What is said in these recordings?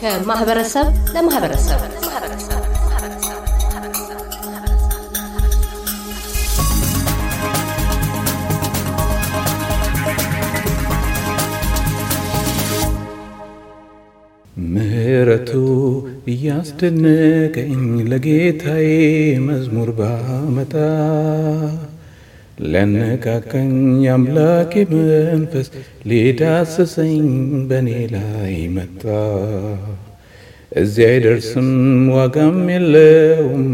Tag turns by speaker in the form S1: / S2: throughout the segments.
S1: ከማህበረሰብ ለማህበረሰብ
S2: ምህረቱ እያስደነቀኝ ለጌታዬ መዝሙር ባመጣ ሊያነቃቃኝ የአምላኬ መንፈስ ሊዳስሰኝ በእኔ ላይ መጣ። እዚያ አይደርስም ዋጋም የለውም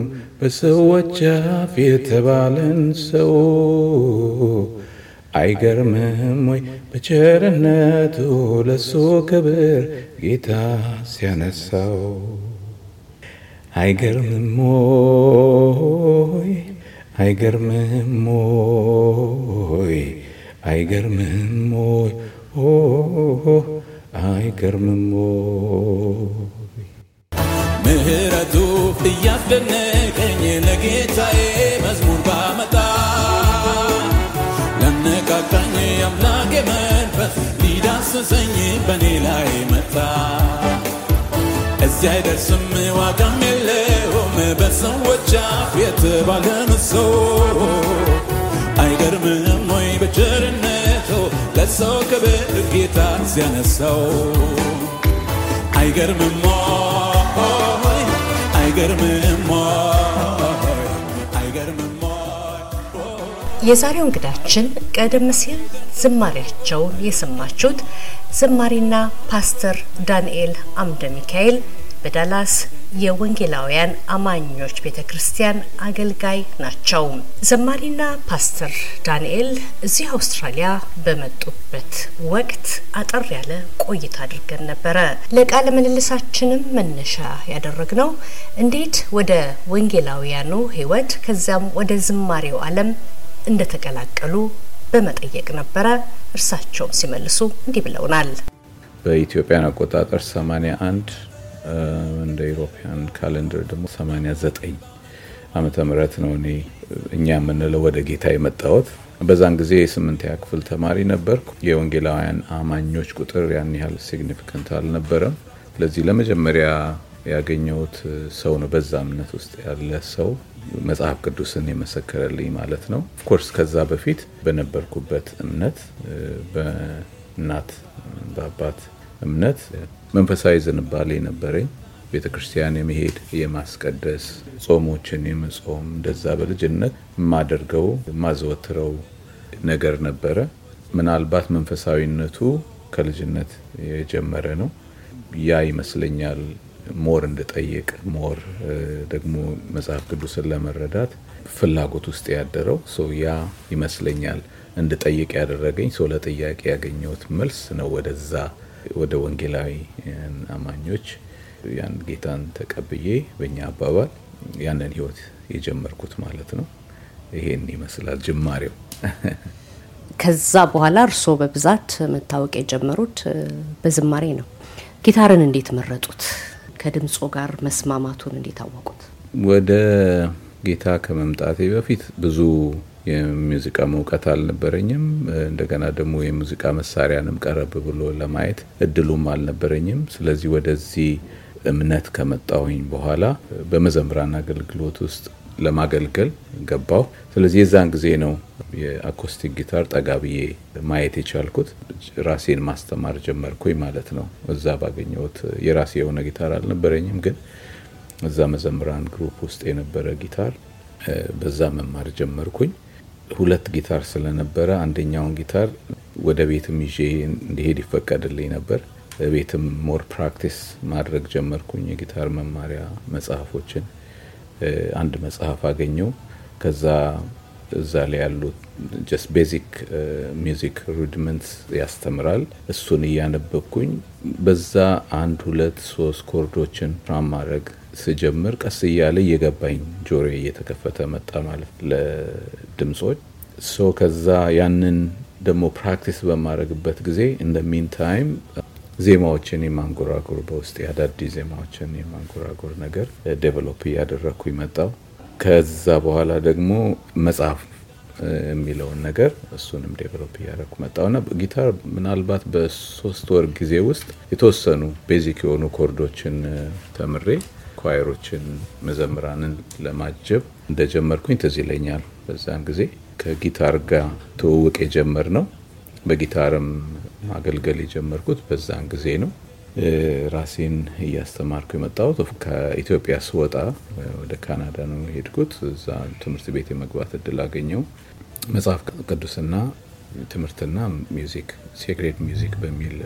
S2: በሰዎች አፍ የተባለን ሰው አይገርምም ወይ በቸርነቱ ለሱ ክብር ጌታ ሲያነሳው? አይገርምም ወይ አይገርምም ወይ አይገርምም ወይ አይገርምም ወይ
S3: ምህረቱ እያስደነቀኝ ለጌታዬ አነካኝ አምላኬ መንፈስ ሊዳስሰኝ በኔ ላይ መጣ። እዚያ አይደርስም ዋጋም የለውም በሰዎች አፍ የተባለ ሰው አይገርምም ወይ በቸርነቱ ለሰው ክብር ጌታ ሲያነሳው አይገርምም ወይ አይገርምም
S1: የዛሬው እንግዳችን ቀደም ሲል ዝማሬያቸውን የሰማችሁት ዘማሪና ፓስተር ዳንኤል አምደ ሚካኤል በዳላስ የወንጌላውያን አማኞች ቤተ ክርስቲያን አገልጋይ ናቸው። ዘማሪና ፓስተር ዳንኤል እዚህ አውስትራሊያ በመጡበት ወቅት አጠር ያለ ቆይታ አድርገን ነበረ። ለቃለ ምልልሳችንም መነሻ ያደረግነው እንዴት ወደ ወንጌላውያኑ ሕይወት ከዚያም ወደ ዝማሬው ዓለም እንደተቀላቀሉ በመጠየቅ ነበረ። እርሳቸውም ሲመልሱ እንዲህ ብለውናል።
S2: በኢትዮጵያን አቆጣጠር 81 እንደ ኢሮፓያን ካለንደር ደግሞ 89 ዓመተ ምህረት ነው እኔ እኛ የምንለው ወደ ጌታ የመጣሁት። በዛን ጊዜ የስምንተኛ ክፍል ተማሪ ነበርኩ። የወንጌላውያን አማኞች ቁጥር ያን ያህል ሲግኒፊካንት አልነበረም። ስለዚህ ለመጀመሪያ ያገኘሁት ሰው ነው። በዛ እምነት ውስጥ ያለ ሰው መጽሐፍ ቅዱስን የመሰከረልኝ ማለት ነው። ኦፍኮርስ ከዛ በፊት በነበርኩበት እምነት በእናት በአባት እምነት መንፈሳዊ ዝንባሌ ነበረኝ። ቤተ ክርስቲያን የመሄድ የማስቀደስ፣ ጾሞችን የመጾም እንደዛ በልጅነት የማደርገው የማዘወትረው ነገር ነበረ። ምናልባት መንፈሳዊነቱ ከልጅነት የጀመረ ነው ያ ይመስለኛል ሞር እንድጠይቅ ሞር ደግሞ መጽሐፍ ቅዱስን ለመረዳት ፍላጎት ውስጥ ያደረው ሰው ያ ይመስለኛል እንድጠይቅ ያደረገኝ ሰው ለጥያቄ ያገኘሁት መልስ ነው። ወደዛ ወደ ወንጌላዊ አማኞች ያን ጌታን ተቀብዬ በእኛ አባባል ያንን ህይወት የጀመርኩት ማለት ነው። ይሄን ይመስላል ጅማሬው።
S1: ከዛ በኋላ እርስዎ በብዛት መታወቅ የጀመሩት በዝማሬ ነው። ጊታርን እንዴት መረጡት? ከድምጾ ጋር መስማማቱን እንዴት አወቁት?
S2: ወደ ጌታ ከመምጣቴ በፊት ብዙ የሙዚቃ መውቀት አልነበረኝም። እንደገና ደግሞ የሙዚቃ መሳሪያንም ቀረብ ብሎ ለማየት እድሉም አልነበረኝም። ስለዚህ ወደዚህ እምነት ከመጣሁኝ በኋላ በመዘምራን አገልግሎት ውስጥ ለማገልገል ገባው። ስለዚህ የዛን ጊዜ ነው የአኮስቲክ ጊታር ጠጋ ብዬ ማየት የቻልኩት። ራሴን ማስተማር ጀመርኩኝ ማለት ነው። እዛ ባገኘሁት የራሴ የሆነ ጊታር አልነበረኝም፣ ግን እዛ መዘምራን ግሩፕ ውስጥ የነበረ ጊታር በዛ መማር ጀመርኩኝ። ሁለት ጊታር ስለነበረ አንደኛውን ጊታር ወደ ቤትም ይዤ እንዲሄድ ይፈቀድልኝ ነበር። ቤትም ሞር ፕራክቲስ ማድረግ ጀመርኩኝ የጊታር መማሪያ መጽሐፎችን አንድ መጽሐፍ አገኘው። ከዛ እዛ ላይ ያሉት ጀስት ቤዚክ ሚዚክ ሩድመንትስ ያስተምራል። እሱን እያነበብኩኝ በዛ አንድ ሁለት ሶስት ኮርዶችን ራም ማድረግ ስጀምር ቀስ እያለ እየገባኝ ጆሮ እየተከፈተ መጣ ማለት ለድምጾች ሶ ከዛ ያንን ደግሞ ፕራክቲስ በማድረግበት ጊዜ ኢን ደ ሚን ታይም ዜማዎችን የማንጎራጎር በውስጥ የአዳዲስ ዜማዎችን የማንጎራጎር ነገር ዴቨሎፕ እያደረግኩ ይመጣው። ከዛ በኋላ ደግሞ መጽሐፍ የሚለውን ነገር እሱንም ዴቨሎፕ እያደረኩ መጣውና ጊታር ምናልባት በሶስት ወር ጊዜ ውስጥ የተወሰኑ ቤዚክ የሆኑ ኮርዶችን ተምሬ ኳየሮችን መዘምራንን ለማጀብ እንደጀመርኩኝ ትዝ ይለኛል። በዛን ጊዜ ከጊታር ጋር ትውውቅ የጀመር ነው በጊታርም ማገልገል የጀመርኩት በዛን ጊዜ ነው። ራሴን እያስተማርኩ የመጣሁት ከኢትዮጵያ ስወጣ ወደ ካናዳ ነው የሄድኩት። እዛ ትምህርት ቤት የመግባት እድል አገኘው። መጽሐፍ ቅዱስና ትምህርትና ሚዚክ ሴክሬት ሚዚክ በሚል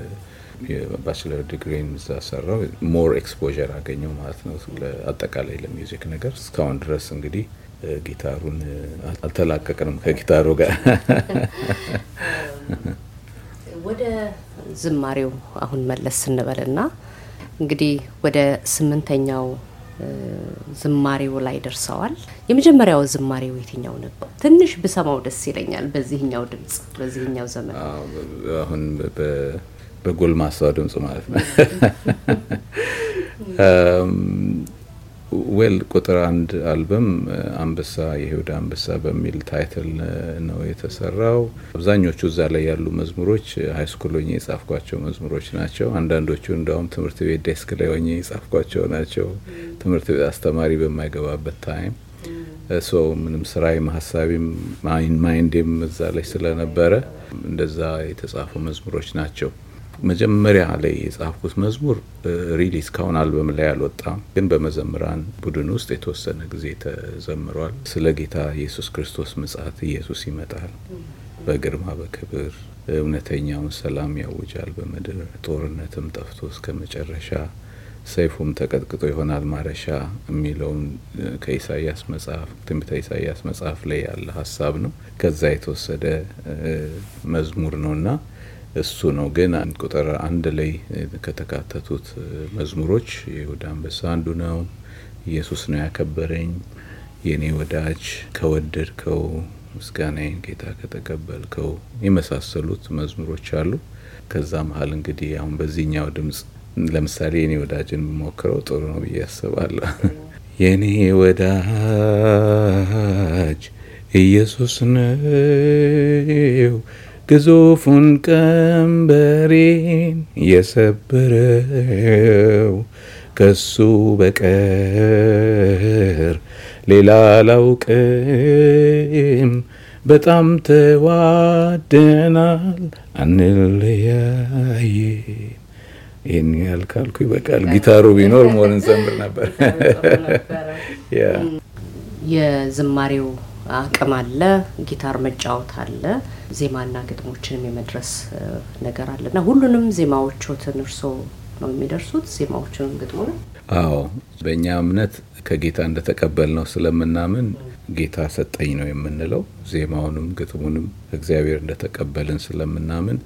S2: የባችለር ዲግሪን እዛ ሰራው። ሞር ኤክስፖዠር አገኘው ማለት ነው አጠቃላይ ለሚዚክ ነገር። እስካሁን ድረስ እንግዲህ ጊታሩን አልተላቀቅንም ከጊታሩ ጋር
S1: ወደ ዝማሬው አሁን መለስ ስንበልና እንግዲህ ወደ ስምንተኛው ዝማሬው ላይ ደርሰዋል። የመጀመሪያው ዝማሬው የትኛው ነበር? ትንሽ ብሰማው ደስ ይለኛል። በዚህኛው ድምጽ፣ በዚህኛው ዘመን
S2: አሁን በጎልማሳው ድምጽ ማለት ነው ዌል ቁጥር አንድ አልበም አንበሳ የይሁዳ አንበሳ በሚል ታይትል ነው የተሰራው። አብዛኞቹ እዛ ላይ ያሉ መዝሙሮች ሃይስኩል ሆኜ የጻፍኳቸው መዝሙሮች ናቸው። አንዳንዶቹ እንደውም ትምህርት ቤት ዴስክ ላይ ሆኜ የጻፍኳቸው ናቸው። ትምህርት ቤት አስተማሪ በማይገባበት ታይም ሶ ምንም ስራዬም ሀሳቢም ማይንዴም እዛ ላይ ስለነበረ እንደዛ የተጻፉ መዝሙሮች ናቸው። መጀመሪያ ላይ የጻፍኩት መዝሙር ሪሊ እስካሁን አልበም ላይ አልወጣም፣ ግን በመዘምራን ቡድን ውስጥ የተወሰነ ጊዜ ተዘምሯል። ስለ ጌታ ኢየሱስ ክርስቶስ ምጽአት፣ ኢየሱስ ይመጣል በግርማ በክብር እውነተኛውን ሰላም ያውጃል በምድር፣ ጦርነትም ጠፍቶ እስከ መጨረሻ ሰይፉም ተቀጥቅጦ ይሆናል ማረሻ የሚለውን ከኢሳያስ መጽሐፍ ትንቢተ ኢሳያስ መጽሐፍ ላይ ያለ ሀሳብ ነው። ከዛ የተወሰደ መዝሙር ነው እና እሱ ነው። ግን ቁጥር አንድ ላይ ከተካተቱት መዝሙሮች የይሁዳ አንበሳ አንዱ ነው። ኢየሱስ ነው ያከበረኝ፣ የኔ ወዳጅ፣ ከወደድከው፣ ምስጋናዬን ጌታ ከተቀበልከው የመሳሰሉት መዝሙሮች አሉ። ከዛ መሀል እንግዲህ አሁን በዚህኛው ድምጽ ለምሳሌ የኔ ወዳጅን ብሞክረው ጥሩ ነው ብዬ አስባለሁ። የኔ ወዳጅ ኢየሱስ ነው ግዙፉን ቀንበሬን የሰበረው ከሱ በቀር ሌላ ላውቅም። በጣም ተዋደናል አንለያይም። ይህን ያህል ካልኩ ይበቃል። ጊታሩ ቢኖር ሞር እንዘምር ነበር።
S1: የዝማሬው አቅም አለ፣ ጊታር መጫወት አለ፣ ዜማና ግጥሞችንም የመድረስ ነገር አለ እና ሁሉንም ዜማዎቹትን እርሶ ነው የሚደርሱት? ዜማዎቹንም ግጥሙ? አዎ፣
S2: በእኛ እምነት ከጌታ እንደተቀበል ነው ስለምናምን ጌታ ሰጠኝ ነው የምንለው። ዜማውንም ግጥሙንም እግዚአብሔር እንደተቀበልን ስለምናምን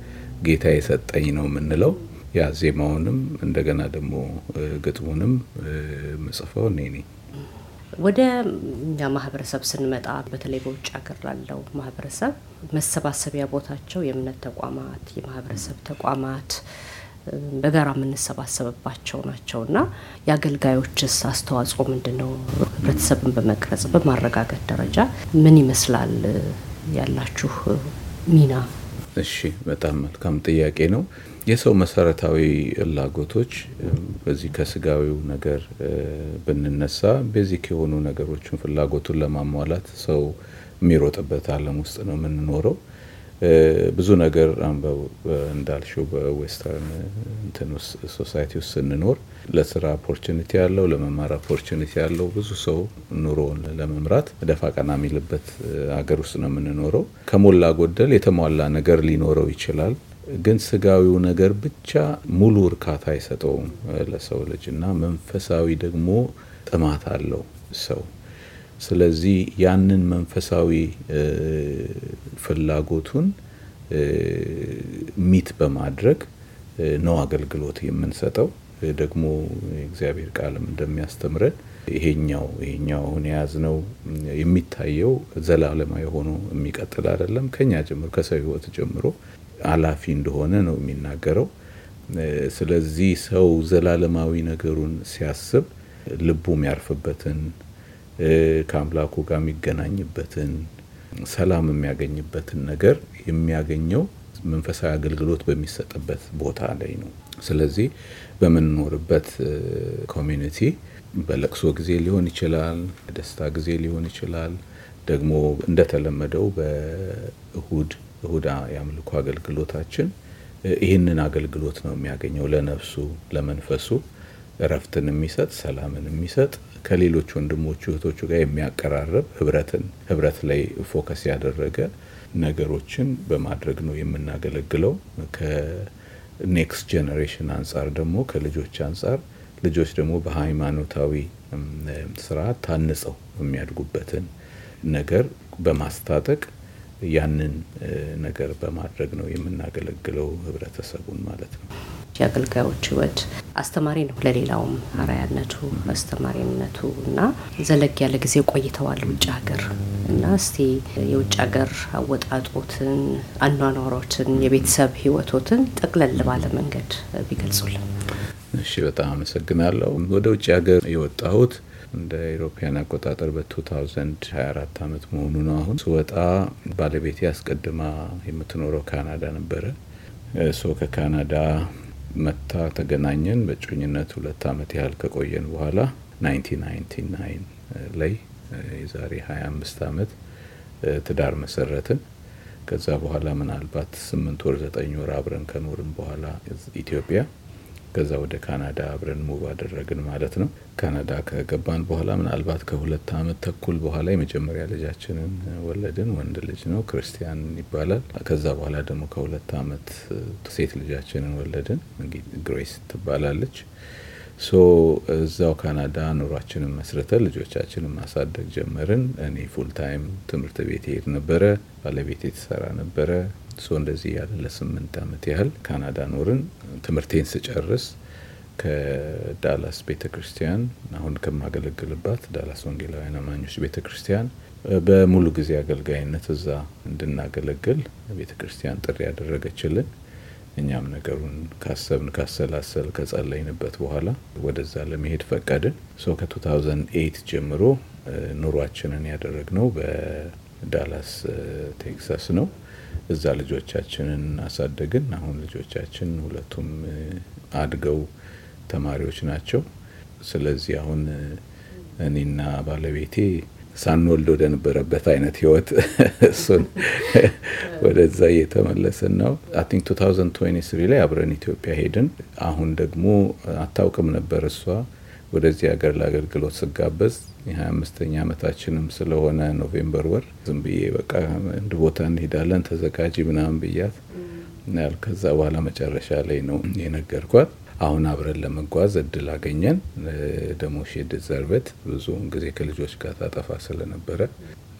S2: ጌታ የሰጠኝ ነው የምንለው። ያ ዜማውንም እንደገና ደግሞ ግጥሙንም ምጽፈው እኔ ነኝ።
S1: ወደ እኛ ማህበረሰብ ስንመጣ በተለይ በውጭ ሀገር ላለው ማህበረሰብ መሰባሰቢያ ቦታቸው የእምነት ተቋማት፣ የማህበረሰብ ተቋማት በጋራ የምንሰባሰብባቸው ናቸው እና የአገልጋዮችስ አስተዋጽኦ ምንድን ነው? ህብረተሰብን በመቅረጽ በማረጋገጥ ደረጃ ምን ይመስላል ያላችሁ ሚና?
S2: እሺ በጣም መልካም ጥያቄ ነው። የሰው መሰረታዊ ፍላጎቶች በዚህ ከስጋዊው ነገር ብንነሳ ቤዚክ የሆኑ ነገሮችን ፍላጎቱን ለማሟላት ሰው የሚሮጥበት አለም ውስጥ ነው የምንኖረው ብዙ ነገር አንበው እንዳልሽው በዌስተርን እንትን ሶሳይቲ ውስጥ ስንኖር ለስራ ኦፖርቹኒቲ ያለው ለመማር ኦፖርቹኒቲ ያለው ብዙ ሰው ኑሮውን ለመምራት ደፋ ቀና የሚልበት ሀገር ውስጥ ነው የምንኖረው። ከሞላ ጎደል የተሟላ ነገር ሊኖረው ይችላል፣ ግን ስጋዊው ነገር ብቻ ሙሉ እርካታ አይሰጠውም ለሰው ልጅ እና መንፈሳዊ ደግሞ ጥማት አለው ሰው ስለዚህ ያንን መንፈሳዊ ፍላጎቱን ሚት በማድረግ ነው አገልግሎት የምንሰጠው። ደግሞ የእግዚአብሔር ቃልም እንደሚያስተምረን ይሄኛው ይሄኛው አሁን የያዝነው የሚታየው ዘላለማዊ ሆኖ የሚቀጥል አይደለም። ከኛ ጀምሮ ከሰው ሕይወት ጀምሮ አላፊ እንደሆነ ነው የሚናገረው። ስለዚህ ሰው ዘላለማዊ ነገሩን ሲያስብ ልቡ የሚያርፍበትን ከአምላኩ ጋር የሚገናኝበትን ሰላም የሚያገኝበትን ነገር የሚያገኘው መንፈሳዊ አገልግሎት በሚሰጥበት ቦታ ላይ ነው። ስለዚህ በምንኖርበት ኮሚኒቲ በለቅሶ ጊዜ ሊሆን ይችላል፣ በደስታ ጊዜ ሊሆን ይችላል። ደግሞ እንደተለመደው በእሁድ እሁድ የአምልኮ አገልግሎታችን ይህንን አገልግሎት ነው የሚያገኘው። ለነፍሱ ለመንፈሱ እረፍትን የሚሰጥ ሰላምን የሚሰጥ ከሌሎች ወንድሞቹ እህቶቹ ጋር የሚያቀራርብ ህብረትን ህብረት ላይ ፎከስ ያደረገ ነገሮችን በማድረግ ነው የምናገለግለው። ከኔክስት ጄኔሬሽን አንጻር ደግሞ ከልጆች አንጻር ልጆች ደግሞ በሃይማኖታዊ ስርዓት ታንጸው የሚያድጉበትን ነገር በማስታጠቅ ያንን ነገር በማድረግ ነው የምናገለግለው ህብረተሰቡን
S1: ማለት ነው። የአገልጋዮች ህይወት አስተማሪ ነው። ለሌላውም አራያነቱ አስተማሪነቱ እና ዘለግ ያለ ጊዜ ቆይተዋል ውጭ ሀገር እና እስቲ የውጭ ሀገር አወጣጦትን፣ አኗኗሮትን፣ የቤተሰብ ህይወቶትን ጠቅለል ባለ መንገድ ቢገልጹልን።
S2: እሺ፣ በጣም አመሰግናለሁ። ወደ ውጭ ሀገር የወጣሁት እንደ ኢሮፓያን አቆጣጠር በ2024 ዓመት መሆኑ ነው። አሁን ስወጣ ባለቤቴ አስቀድማ የምትኖረው ካናዳ ነበረ። ሶ ከካናዳ መታ ተገናኘን። በእጮኝነት ሁለት ዓመት ያህል ከቆየን በኋላ 1999 ላይ የዛሬ 25 ዓመት ትዳር መሰረትን። ከዛ በኋላ ምናልባት ስምንት ወር ዘጠኝ ወር አብረን ከኖርን በኋላ ኢትዮጵያ ከዛ ወደ ካናዳ አብረን ሙቭ አደረግን ማለት ነው። ካናዳ ከገባን በኋላ ምናልባት ከሁለት አመት ተኩል በኋላ የመጀመሪያ ልጃችንን ወለድን። ወንድ ልጅ ነው፣ ክርስቲያን ይባላል። ከዛ በኋላ ደግሞ ከሁለት አመት ሴት ልጃችንን ወለድን። ግሬስ ትባላለች። ሶ እዛው ካናዳ ኑሯችንን መስርተን ልጆቻችንን ማሳደግ ጀመርን። እኔ ፉል ታይም ትምህርት ቤት ሄድ ነበረ፣ ባለቤቴ ትሰራ ነበረ። ሶ እንደዚህ ያለ ለስምንት ዓመት ያህል ካናዳ ኖርን። ትምህርቴን ስጨርስ ከዳላስ ቤተ ክርስቲያን አሁን ከማገለግልባት ዳላስ ወንጌላውያን አማኞች ቤተ ክርስቲያን በሙሉ ጊዜ አገልጋይነት እዛ እንድናገለግል ቤተ ክርስቲያን ጥሪ ያደረገችልን እኛም ነገሩን ካሰብን ካሰላሰል ከጸለይንበት በኋላ ወደዛ ለመሄድ ፈቀድን። ሰው ከ2008 ጀምሮ ኑሯችንን ያደረግነው በዳላስ ቴክሳስ ነው። እዛ ልጆቻችንን አሳደግን። አሁን ልጆቻችን ሁለቱም አድገው ተማሪዎች ናቸው። ስለዚህ አሁን እኔና ባለቤቴ ሳንወልድ ወደ ነበረበት አይነት ህይወት እሱን ወደዛ እየተመለስን ነው። አይ ቲንክ 2023 ላይ አብረን ኢትዮጵያ ሄድን። አሁን ደግሞ አታውቅም ነበር እሷ ወደዚህ ሀገር ለአገልግሎት ስጋበዝ የ25ኛ ዓመታችንም ስለሆነ ኖቬምበር ወር ዝም ብዬ በቃ አንድ ቦታ እንሄዳለን ተዘጋጂ ምናምን ብያት ያል ከዛ በኋላ መጨረሻ ላይ ነው የነገርኳት። አሁን አብረን ለመጓዝ እድል አገኘን። ደግሞ ሼድ ዘርበት ብዙውን ጊዜ ከልጆች ጋር ታጠፋ ስለነበረ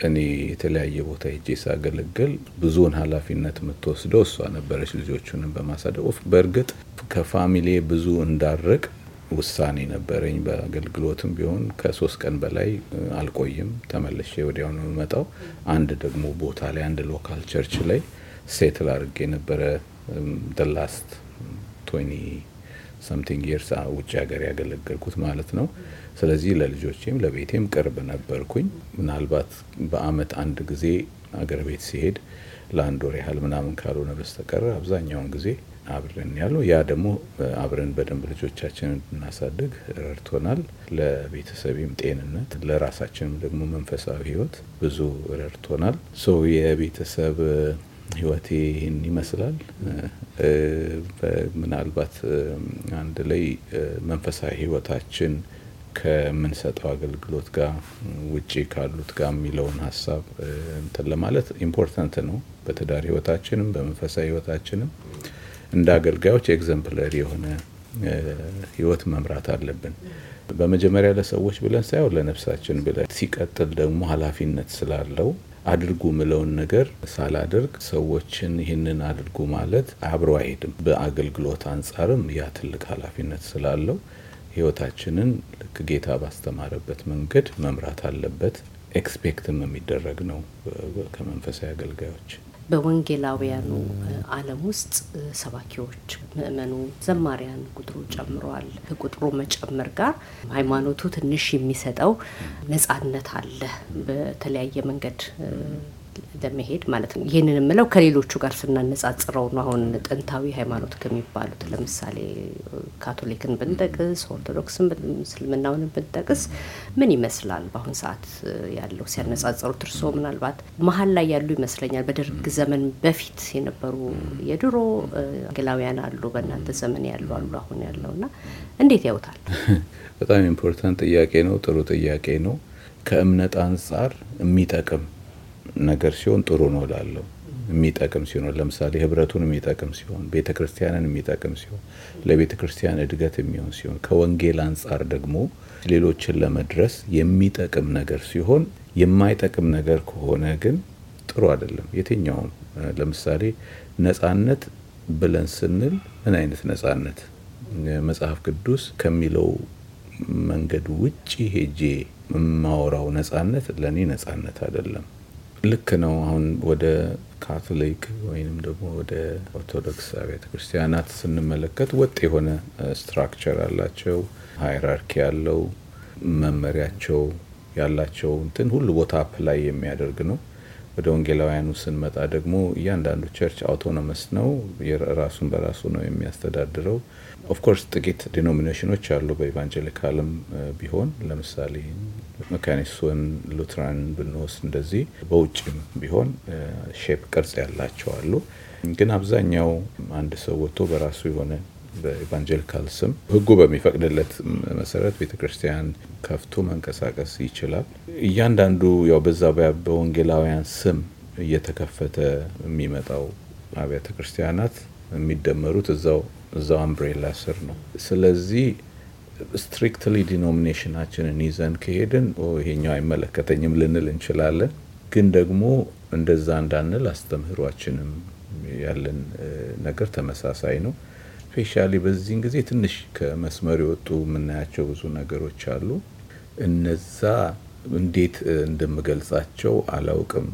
S2: እኔ የተለያየ ቦታ ሄጄ ሳገለግል ብዙውን ኃላፊነት የምትወስደው እሷ ነበረች ልጆቹንም በማሳደፍ በእርግጥ ከፋሚሊ ብዙ እንዳርቅ ውሳኔ ነበረኝ። በአገልግሎትም ቢሆን ከሶስት ቀን በላይ አልቆይም፣ ተመልሼ ወዲያው ነው የምመጣው። አንድ ደግሞ ቦታ ላይ አንድ ሎካል ቸርች ላይ ሴትል አድርጌ ነበረ ደላስት ቶኒ ሰምቲንግ የርስ ውጭ ሀገር ያገለገልኩት ማለት ነው። ስለዚህ ለልጆቼም ለቤቴም ቅርብ ነበርኩኝ። ምናልባት በአመት አንድ ጊዜ አገር ቤት ሲሄድ ለአንድ ወር ያህል ምናምን ካልሆነ በስተቀር አብዛኛውን ጊዜ አብረን ያለው ያ ደግሞ አብረን በደንብ ልጆቻችንን እናሳድግ ረድቶናል። ለቤተሰቤም ጤንነት፣ ለራሳችንም ደግሞ መንፈሳዊ ህይወት ብዙ ረድቶናል። ሰው የቤተሰብ ህይወቴ ይህን ይመስላል። ምናልባት አንድ ላይ መንፈሳዊ ህይወታችን ከምንሰጠው አገልግሎት ጋር ውጪ ካሉት ጋር የሚለውን ሀሳብ እንትን ለማለት ኢምፖርታንት ነው። በትዳር ህይወታችንም በመንፈሳዊ ህይወታችንም እንደ አገልጋዮች ኤግዘምፕለሪ የሆነ ህይወት መምራት አለብን። በመጀመሪያ ለሰዎች ብለን ሳይሆን ለነፍሳችን ብለን፣ ሲቀጥል ደግሞ ኃላፊነት ስላለው አድርጉ ምለውን ነገር ሳላደርግ ሰዎችን ይህንን አድርጉ ማለት አብሮ አይሄድም። በአገልግሎት አንጻርም ያ ትልቅ ኃላፊነት ስላለው ህይወታችንን ልክ ጌታ ባስተማረበት መንገድ መምራት አለበት። ኤክስፔክትም የሚደረግ ነው ከመንፈሳዊ አገልጋዮች።
S1: በወንጌላውያኑ ዓለም ውስጥ ሰባኪዎች፣ ምእመኑ፣ ዘማሪያን ቁጥሩ ጨምሯል። ከቁጥሩ መጨመር ጋር ሃይማኖቱ ትንሽ የሚሰጠው ነጻነት አለ። በተለያየ መንገድ እንደሚሄድ ማለት ነው። ይህንን የምለው ከሌሎቹ ጋር ስናነጻጽረው ነው። አሁን ጥንታዊ ሃይማኖት ከሚባሉት ለምሳሌ ካቶሊክን ብንጠቅስ፣ ኦርቶዶክስን፣ እስልምናውን ብንጠቅስ ምን ይመስላል በአሁን ሰዓት ያለው ሲያነጻጽሩት? እርስዎ ምናልባት መሀል ላይ ያሉ ይመስለኛል። በደርግ ዘመን በፊት የነበሩ የድሮ ወንጌላውያን አሉ፣ በእናንተ ዘመን ያሉ አሉ፣ አሁን ያለው እና እንዴት ያውታል?
S2: በጣም ኢምፖርታንት ጥያቄ ነው። ጥሩ ጥያቄ ነው። ከእምነት አንጻር የሚጠቅም ነገር ሲሆን ጥሩ ነው ላለው የሚጠቅም ሲሆን ለምሳሌ ህብረቱን የሚጠቅም ሲሆን ቤተ ክርስቲያንን የሚጠቅም ሲሆን ለቤተ ክርስቲያን እድገት የሚሆን ሲሆን ከወንጌል አንጻር ደግሞ ሌሎችን ለመድረስ የሚጠቅም ነገር ሲሆን የማይጠቅም ነገር ከሆነ ግን ጥሩ አይደለም። የትኛውም ለምሳሌ ነጻነት ብለን ስንል ምን አይነት ነጻነት መጽሐፍ ቅዱስ ከሚለው መንገድ ውጭ ሄጄ የማወራው ነጻነት ለእኔ ነጻነት አይደለም። ልክ ነው። አሁን ወደ ካቶሊክ ወይንም ደግሞ ወደ ኦርቶዶክስ አብያተ ክርስቲያናት ስንመለከት ወጥ የሆነ ስትራክቸር አላቸው፣ ሃይራርኪ ያለው መመሪያቸው ያላቸው እንትን ሁሉ ቦታ አፕላይ የሚያደርግ ነው። ወደ ወንጌላውያኑ ስንመጣ ደግሞ እያንዳንዱ ቸርች አውቶኖመስ ነው፣ ራሱን በራሱ ነው የሚያስተዳድረው። ኦፍኮርስ ጥቂት ዲኖሚኔሽኖች አሉ በኢቫንጀሊካልም ቢሆን ለምሳሌ መካኒሱን ሉትራን ብንወስድ እንደዚህ በውጭም ቢሆን ሼፕ ቅርጽ ያላቸው አሉ። ግን አብዛኛው አንድ ሰው ወጥቶ በራሱ የሆነ በኤቫንጀሊካል ስም ህጉ በሚፈቅድለት መሰረት ቤተ ክርስቲያን ከፍቶ መንቀሳቀስ ይችላል። እያንዳንዱ ያው በዛ በወንጌላውያን ስም እየተከፈተ የሚመጣው አብያተ ክርስቲያናት የሚደመሩት እዛው እዛው አምብሬላ ስር ነው። ስለዚህ ስትሪክትሊ ዲኖሚኔሽናችንን ይዘን ከሄድን ይሄኛው አይመለከተኝም ልንል እንችላለን። ግን ደግሞ እንደዛ እንዳንል አስተምህሯችንም ያለን ነገር ተመሳሳይ ነው። ስፔሻሊ በዚህን ጊዜ ትንሽ ከመስመር የወጡ የምናያቸው ብዙ ነገሮች አሉ። እነዛ እንዴት እንደምገልጻቸው አላውቅም።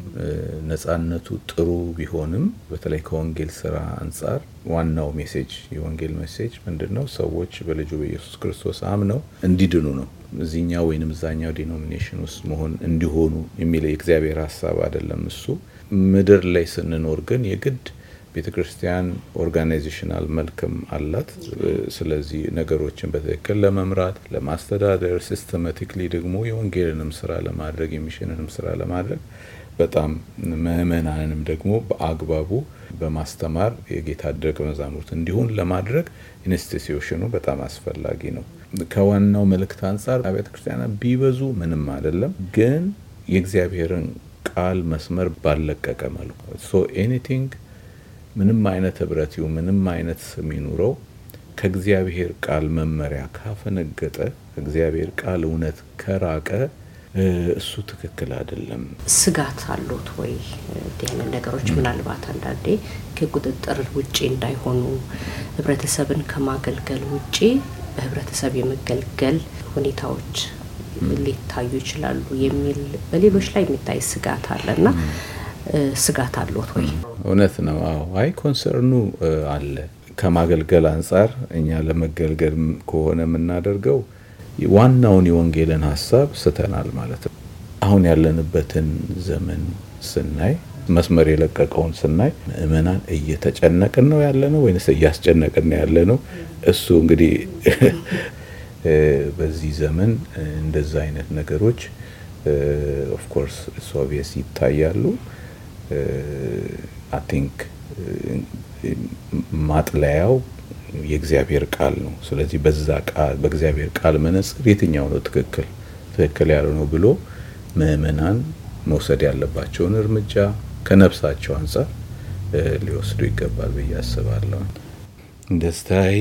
S2: ነጻነቱ ጥሩ ቢሆንም በተለይ ከወንጌል ስራ አንጻር ዋናው ሜሴጅ የወንጌል ሜሴጅ ምንድን ነው? ሰዎች በልጁ በኢየሱስ ክርስቶስ አምነው እንዲድኑ ነው። እዚህኛው ወይንም እዛኛው ዲኖሚኔሽን ውስጥ መሆን እንዲሆኑ የሚል የእግዚአብሔር ሀሳብ አይደለም እሱ። ምድር ላይ ስንኖር ግን የግድ ቤተ ክርስቲያን ኦርጋናይዜሽናል መልክም አላት። ስለዚህ ነገሮችን በትክክል ለመምራት ለማስተዳደር፣ ሲስተማቲክሊ ደግሞ የወንጌልንም ስራ ለማድረግ የሚሽንንም ስራ ለማድረግ በጣም ምእመናንንም ደግሞ በአግባቡ በማስተማር የጌታ ደቀ መዛሙርት እንዲሆን ለማድረግ ኢንስቲትዩሽኑ በጣም አስፈላጊ ነው። ከዋናው መልእክት አንጻር አብያተ ክርስቲያናት ቢበዙ ምንም አይደለም፣ ግን የእግዚአብሔርን ቃል መስመር ባለቀቀ መልኩ ሶ ኤኒቲንግ ምንም አይነት ህብረት ይሁን ምንም አይነት ስም ይኑረው ከእግዚአብሔር ቃል መመሪያ ካፈነገጠ ከእግዚአብሔር ቃል እውነት ከራቀ እሱ ትክክል አይደለም።
S1: ስጋት አሉት ወይ? እንዲህ ነገሮች ምናልባት አንዳንዴ ከቁጥጥር ውጪ እንዳይሆኑ ህብረተሰብን ከማገልገል ውጪ በህብረተሰብ የመገልገል ሁኔታዎች ሊታዩ ይችላሉ የሚል በሌሎች ላይ የሚታይ ስጋት አለ እና ስጋት አለት ወይ?
S2: እውነት ነው። አይ ኮንሰርኑ አለ። ከማገልገል አንጻር እኛ ለመገልገል ከሆነ የምናደርገው ዋናውን የወንጌልን ሀሳብ ስተናል ማለት ነው። አሁን ያለንበትን ዘመን ስናይ መስመር የለቀቀውን ስናይ ምእመናን እየተጨነቅን ነው ያለ ነው ወይንስ እያስጨነቅን ነው ያለ ነው? እሱ እንግዲህ በዚህ ዘመን እንደዛ አይነት ነገሮች ኦፍኮርስ ሶቪየስ ይታያሉ። አይ ቲንክ ማጥለያው የእግዚአብሔር ቃል ነው። ስለዚህ በዛ ቃል በእግዚአብሔር ቃል መነጽር የትኛው ነው ትክክል ትክክል ያልሆነው ብሎ ምእመናን መውሰድ ያለባቸውን እርምጃ ከነፍሳቸው አንጻር ሊወስዱ ይገባል ብዬ አስባለሁ። ደስታዬ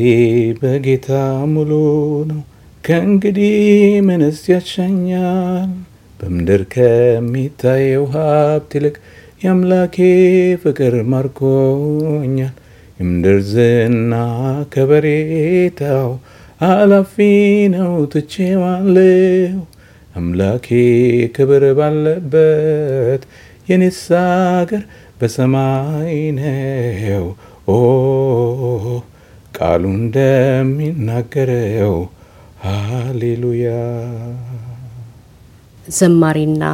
S2: በጌታ ሙሉ ነው፣ ከእንግዲህ ምንስ ያሸኛል? በምድር ከሚታየው ሀብት ይልቅ የአምላኬ ፍቅር ማርኮኛል የምድር ዝና ከበሬታው አላፊ ነው ትቼ ትቼዋለሁ አምላኬ ክብር ባለበት የኔስ አገር በሰማይ ነው ኦ ቃሉ እንደሚናገረው ሃሌሉያ
S1: ዘማሪና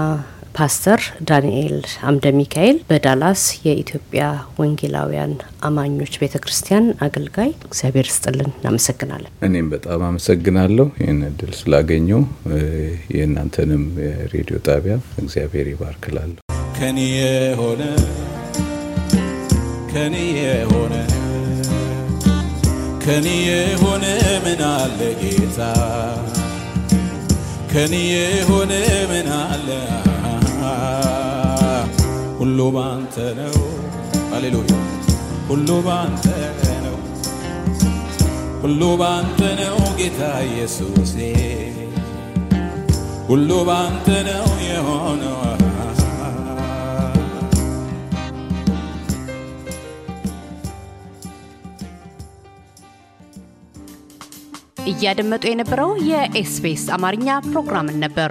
S1: ፓስተር ዳንኤል አምደ ሚካኤል በዳላስ የኢትዮጵያ ወንጌላውያን አማኞች ቤተ ክርስቲያን አገልጋይ። እግዚአብሔር ስጥልን፣ እናመሰግናለን።
S2: እኔም በጣም አመሰግናለሁ ይህን እድል ስላገኘው። የእናንተንም የሬዲዮ ጣቢያ እግዚአብሔር ይባርክላለሁ።
S1: ከኔ የሆነ
S3: ከኔ የሆነ ከኔ የሆነ ምን አለ ጌታ ከኔ የሆነ ምን አለ ሁሉ ባንተ ነው። ሃሌሉያ ሁሉ ባንተ ነው። ሁሉ ባንተ ነው ጌታ ኢየሱስ ሁሉ ባንተ ነው የሆነው።
S1: እያደመጡ የነበረው የኤስቢኤስ አማርኛ ፕሮግራምን ነበር።